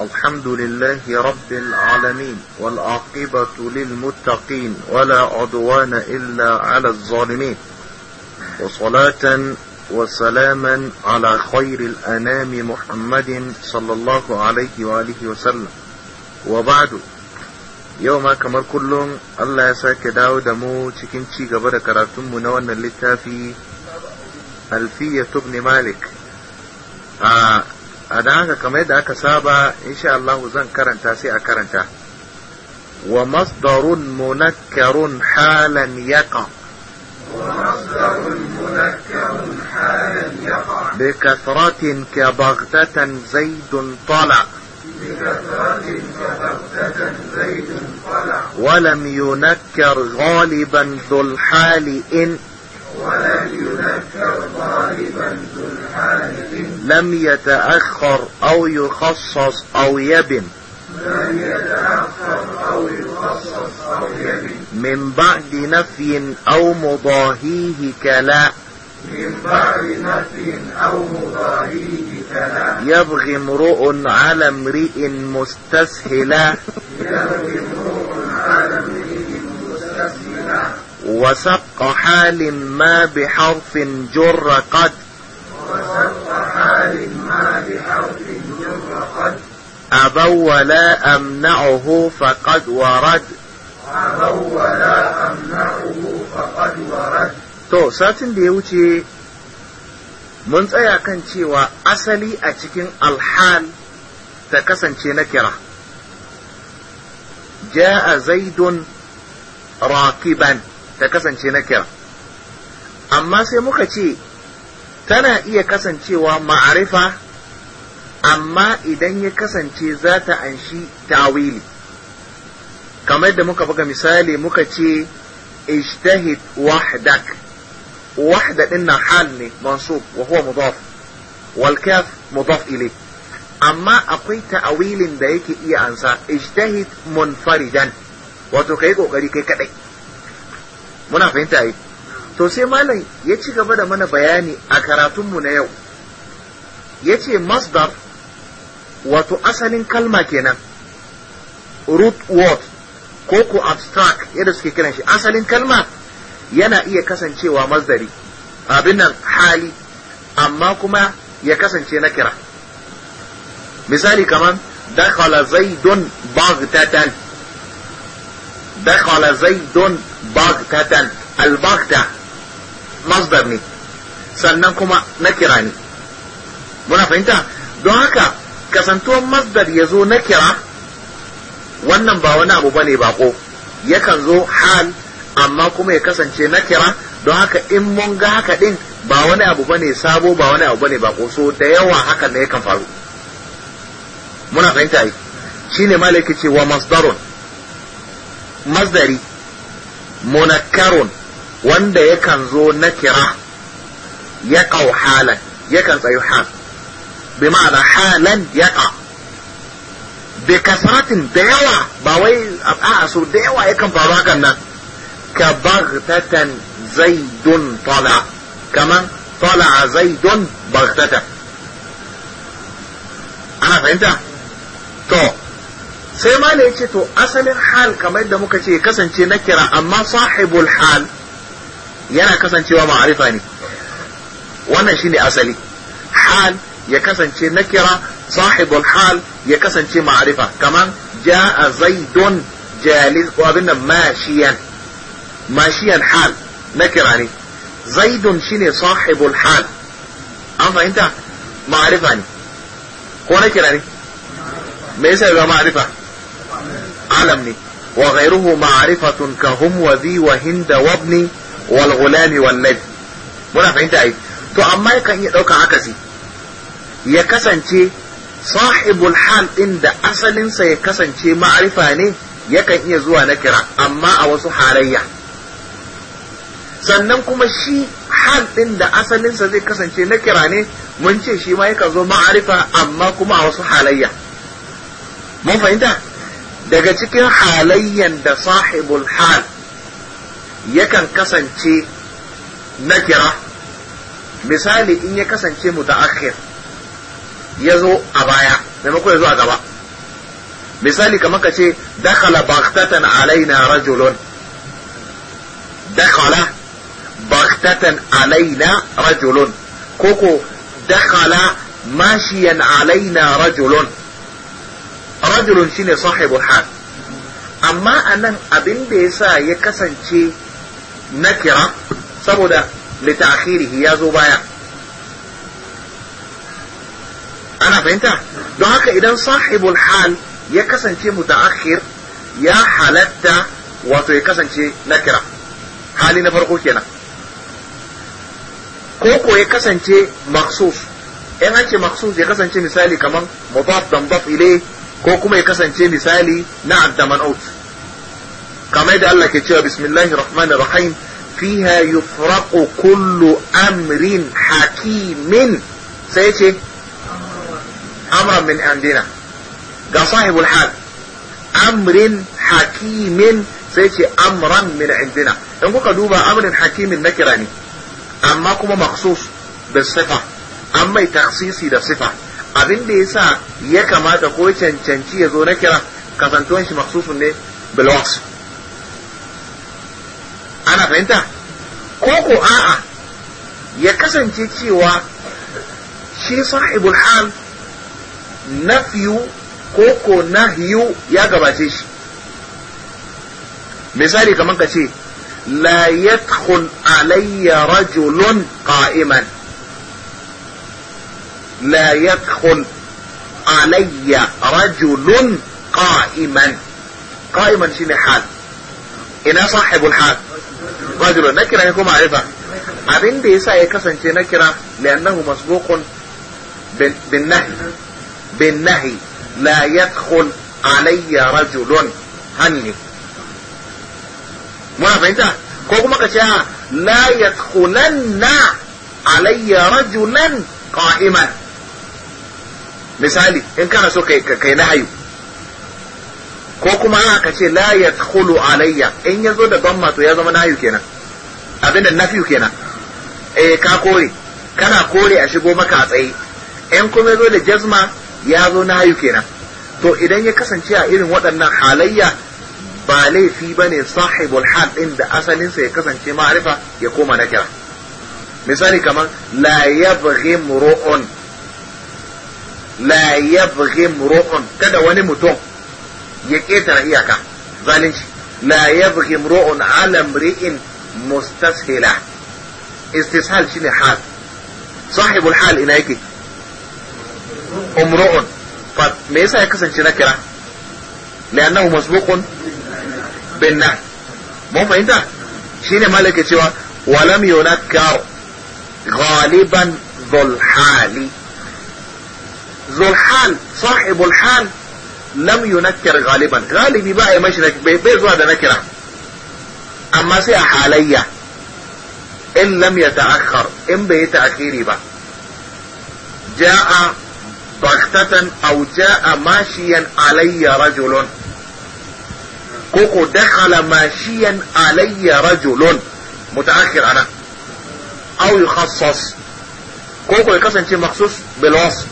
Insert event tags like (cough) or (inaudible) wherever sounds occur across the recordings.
الحمد لله رب العالمين والعاقبة للمتقين ولا عدوان إلا على الظالمين وصلاة وسلاما على خير الأنام محمد صلى الله عليه وآله وسلم وبعد يوم كمر كل الله يساك داود مو تكنشي قبل كراتم منوانا للتافي ألفية ابن مالك آه a haka kamar yadda aka saba insha Allah zan karanta sai a karanta wa masdarun munakkarun halan yaqa بكثرة كبغتة زيد طلع ولم ينكر غالبا ذو الحال إن لم يتأخر أو يخصص أو يبن من بعد نفي أو مضاهيه كلا من بعد نفي أو مضاهيه كلا يبغي امرؤ على امرئ مستسهلا يبغي امرؤ على امرئ مستسهلا وسق حال ما بحرف جر قد أبوا ولا أمنعه فقد ورد أبوا ولا أمنعه فقد ورد to satin da ya wuce mun tsaya kan cewa asali a cikin alhal ta kasance na kira ja'a zaidun rakiban ta kasance na kira amma sai muka ce tana iya kasancewa ma'arifa amma idan ya kasance za ta anshi ta'wili kamar da muka buga misali muka ce Ishtahid wahdak wahda dinna hal ne mansub wa huwa mudaf wal kaf mudaf amma akwai ta'awilin da yake iya ansa ijtahid munfaridan wato kai kokari kai kadai muna fahimta yi to sai malam ya ci gaba da mana bayani a karatunmu na yau ya ce masdar wato asalin kalma kenan root word ko ko abstract yadda suke kiran shi asalin kalma yana iya kasancewa mazdari abin nan hali amma kuma ya kasance na kira misali kamar dakhala zaidun baghtatan dakhala zaidun baghtatan al-baghta masdar ne sannan kuma na kira ne muna fahimta don haka kasantuwar masdar ya zo na kira wannan ba wani abu bane bako yakan zo hal amma kuma ya kasance na kira don haka in mun ga haka din ba wani abu bane sabo ba wani abu bane bako so da yawa haka ne yakan faru muna fahimta yi shine malaki ce wa masdarun masdari munakkarun wanda yakan zo na kira ya halan yakan tsayu hal بمعنى حالا يقع بكثرة ديوة باوي أبقى أسو ديوة يكن فراغنا كبغتة زيد طلع كما طلع زيد بغتة أنا فهمت تو sai ma ne ce to asalin hal kamar da muka ce kasance na kira amma sahibul hal yana kasancewa ma'arifa ne wannan shine asali hal ya kasance kira sahibul hal ya kasance ma'arifa kaman ja'a zaidun jalis ko abin nan mashiyan mashiyan hal na nakira ne zaidun shine sahibul hal an fahimta ma'arifa ne ko nakira ne me yasa ya ma'arifa alam ne wa ghayruhu ma'rifatun ka hum wa zi wa hinda wa ibni wal ghulam wal ladhi muna fahimta ai to amma yakan iya dauka akasi ya kasance sahibul hal ɗin da asalinsa ya kasance ma'arifa ne yakan iya zuwa na kira amma a wasu halayya sannan kuma shi hal ɗin da asalinsa zai kasance na kira ne mun ce shi ma yakan zo ma'arifa amma kuma a wasu halayya mun fahimta daga cikin halayyan da sahibul hal yakan kasance na kira misali in ya kasance mutaakhir ya zo a baya maimakon ya zo a gaba misali kamar ka ce dakhala baktatan alaina rajulun dakhala baktatan alaina rajulun koko dakhala mashiyan alaina rajulun rajulun shine sahibul hal amma anan abin da ya sa ya kasance nakira saboda litakhirihi ya zo baya ana fahimta don haka idan sahibul hal ya kasance mutaakhir ya halatta wato ya kasance nakira hali na farko kenan ko ko ya kasance maksus in an ce maksus ya kasance misali kaman mudaf dan mudaf ilay ko kuma ya kasance misali na addamanut kamar yadda Allah ke cewa bismillahir rahmanir rahim fiha yufraqu kullu amrin hakimin sai ce amran min andina ga sahibul amrin hakimin sai ce amran min indina in kuka duba amrin hakimin na kira ne amma kuma maksus da sifa an mai taksisi da sifa abin da sa ya kamata ko cancanci ya zo na kira kasantuwan shi maksusun ne bilwas ana fahimta ko ko a'a ya kasance cewa shi sahibul hal nafiyu ko ko nahiyu ya gabace shi misali kamar ka ce la yadkhul alayya rajulun qa'iman la yadkhul alayya rajulun qa'iman qa'iman shine hal ina sahibul hal rajulun nakira ne ko ma'rifa abin da yasa ya kasance nakira li'annahu masbuqun bin nahi بالنهي لا يدخل علي رجل هني muna fahimta ko kuma ka ce la yadkhulanna alayya rajulan qa'iman misali in kana so kai kai nahayu ko kuma a ka ce la yadkhulu alayya in yazo da ban to ya zama na nahayu kenan abin da nafiyu kenan eh ka kore kana kore a shigo maka a tsaye in kuma yazo da jazma ya zo na hayu kenan to idan ya kasance a irin waɗannan halayya ba laifi ba ne sahibul hal ɗin da asalinsa ya kasance ma'arifa ya koma na kira misali kamar la yabghi mur'un la yabghi mur'un kada wani mutum ya ketara iyaka zalunci la yabghi mur'un ala mri'in mustashila istisal shine hal sahibul hal ina yake umru'un fa me yasa ya kasance na kira me annahu masbuqun bin na mun fahimta shine malaka cewa wa lam yunakkar ghaliban dhul hali dhul hal sahibu hal lam yunakkar ghaliban ghalibi ba ya mashi bai zuwa da nakira amma sai a halayya in ta'a yata'akhkhar in bai ta'khiri ba ja'a بغتة او جاء ماشيا علي رجل كوكو دخل ماشيا علي رجل متأخر انا او يخصص كوكو يقصد شيء مخصوص بالوصف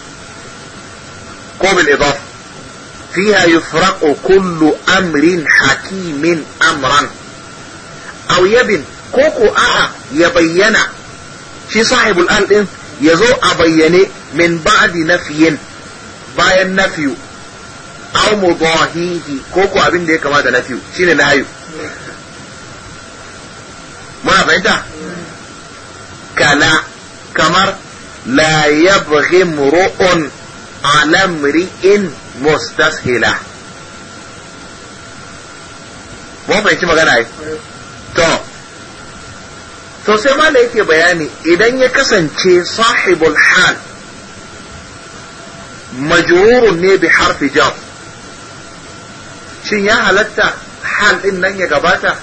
كو بالاضافة فيها يفرق كل امر حكيم امرا او يبن كوكو اعا يبينا شي صاحب القلب يزو ابيني min ba'di nafiyin bayan nafiyu aw mudahihi ko ko abin da ya kama da nafiyu shine nayu muna fahimta kala kamar la yabghi mru'un ala mri'in mustashila mun fahimci magana ai to to sai mala yake bayani idan ya kasance sahibul hal majrurun ne bi harfi jar shin ya halatta hal din nan ya gabata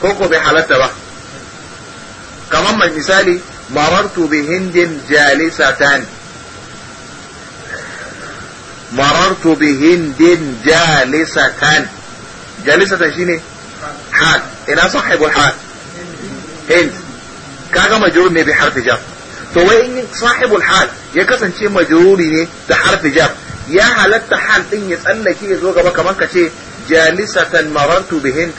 ko ko bai halatta ba kamar mai misali marartu bi hindin jalisatan marartu bi hindin jalisatan jalisatan shine hal ina sahibul hal hind kaga majrur ne bi harfi jar to wai in sahibul hal ya kasance majruri ne da harfi jar ya halatta hal din ya tsallake ya zo gaba kamar ka ce jalisatan marartu bihin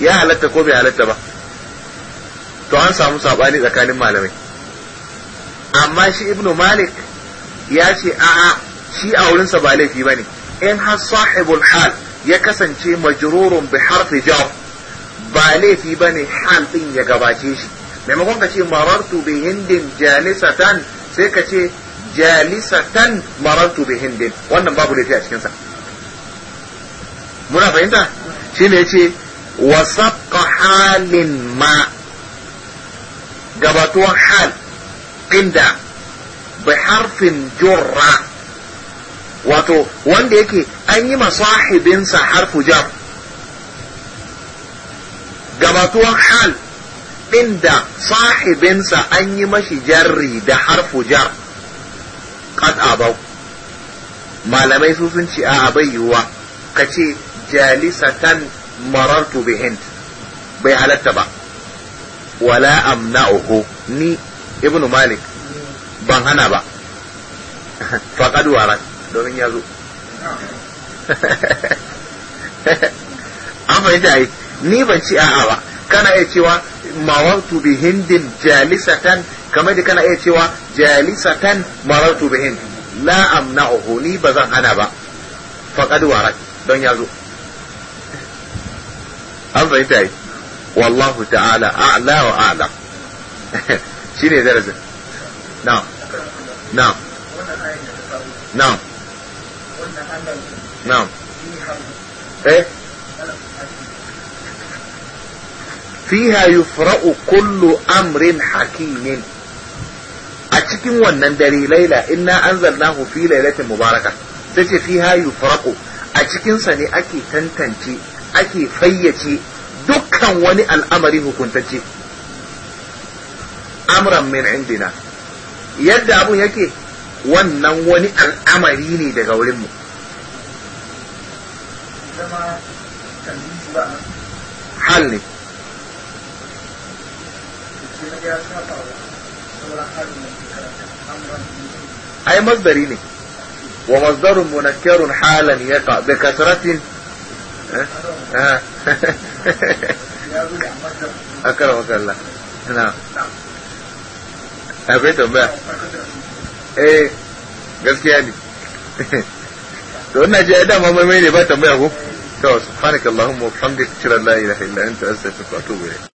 ya halatta ko bai halatta ba to an samu sabani tsakanin malamai amma shi ibnu malik ya ce a'a shi a wurinsa ba laifi bane in har sahibul hal ya kasance majrurun bi harfi jar ba laifi bane hal din ya gabace shi maimakon ka ce marartu bi hindin jalisatan sai ka ce jalisatan marartu bi hindin wannan babu laifi a cikinsa muna fahimta shine yace wasaqqa halin ma gabatuwar hal inda bi harfin jura. wato wanda yake an yi masahibinsa harfu jar gabatuwar hal Inda sahibinsa an yi mashi jarri da harfu jar qad abau malamai su sun ci a bai yiwuwa ka ce jalisatan marartu bihin bai halatta ba wala uhu ni ibnu malik ban hana ba (laughs) faqad wara domin ya zo (laughs) an fahimta ai ni ban ci a'a ba kana iya cewa marartu bi hindin jalisatan kamar da kana iya cewa jalisatan marartu bi hind la amna'uhu ni ba zan hana ba faqad warat don yazo an fahimta yi wallahu ta'ala a'la wa a'la shine darasin Na. Na. Na. Na. eh fiha yufra'u kullu amrin hakimin a cikin wannan dare laila inna anzalnahu fi lailatin mubaraka sai ce fiha yufraqu a cikin ne ake tantance ake fayyace dukkan wani al'amari hukuntacce amran min indina yadda abun yake wannan wani al'amari ne daga wurinmu hal أي مصدرين ومصدر منكر حالا يقع بكثرة أكرمك الله نعم أبيتم بها إيه قلت يعني تقولنا جاء ده ما مميني باتم بها سبحانك اللهم وبحمدك شكرا لا إله إلا أنت أستغفرك وأتوب إليك